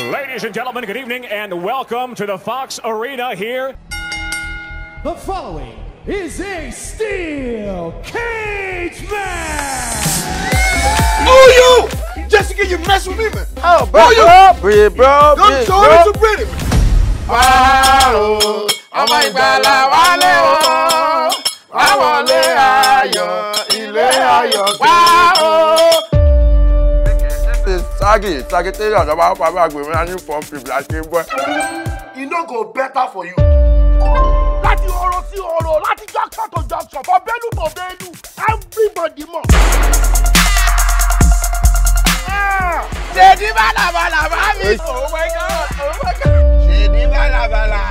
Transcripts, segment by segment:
Ladies and gentlemen, good evening and welcome to the Fox Arena here. The following is a steel cage match. Oh, you! Jessica, you mess with me, man. Oh, oh bro, oh, you. Bro, bro, bro, Don't show it to Brittany, man. Wow, ọmọ ìgbàlà wálé o, wá wọlé ayọ̀, ilé ayọ̀ kìí. Sagi, Sagittarius, I'm out of my Guimanin from Fiblatin boy. E no go better for you. Láti ọ̀rọ̀ sí ọ̀rọ̀, láti junction to junction, for Belu for Belu, everybody mọ̀. Ah! Ṣèdí bala bala mi. Oh my God, oh my God. bala bàlàbàlà.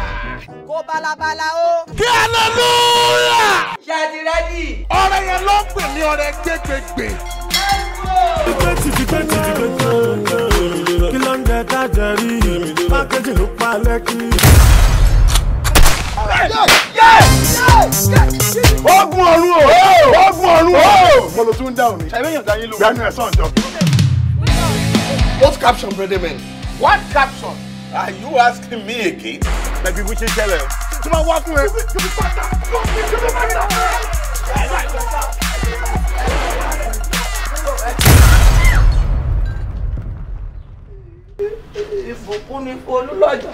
Kó bala o. Kí hallelujah. Shadi a ti rẹ́dì? Ọ̀rẹ́ yẹn ló ń pè ní ọ̀rẹ́ gbégbégbé. lẹ́kì. ogun ọ̀run o ogun ọ̀run o. mo tún dáhùn ni. ṣàbẹ̀yàn dá yín lò. ẹ̀ sọ̀njọ́. what caption brother men what caption are you asking me again. bẹ̀bí bó ṣe jẹ́ lẹ̀ o. tí wọ́n wá fún ẹ. ìbùkún ni fún olúlọ́jọ́.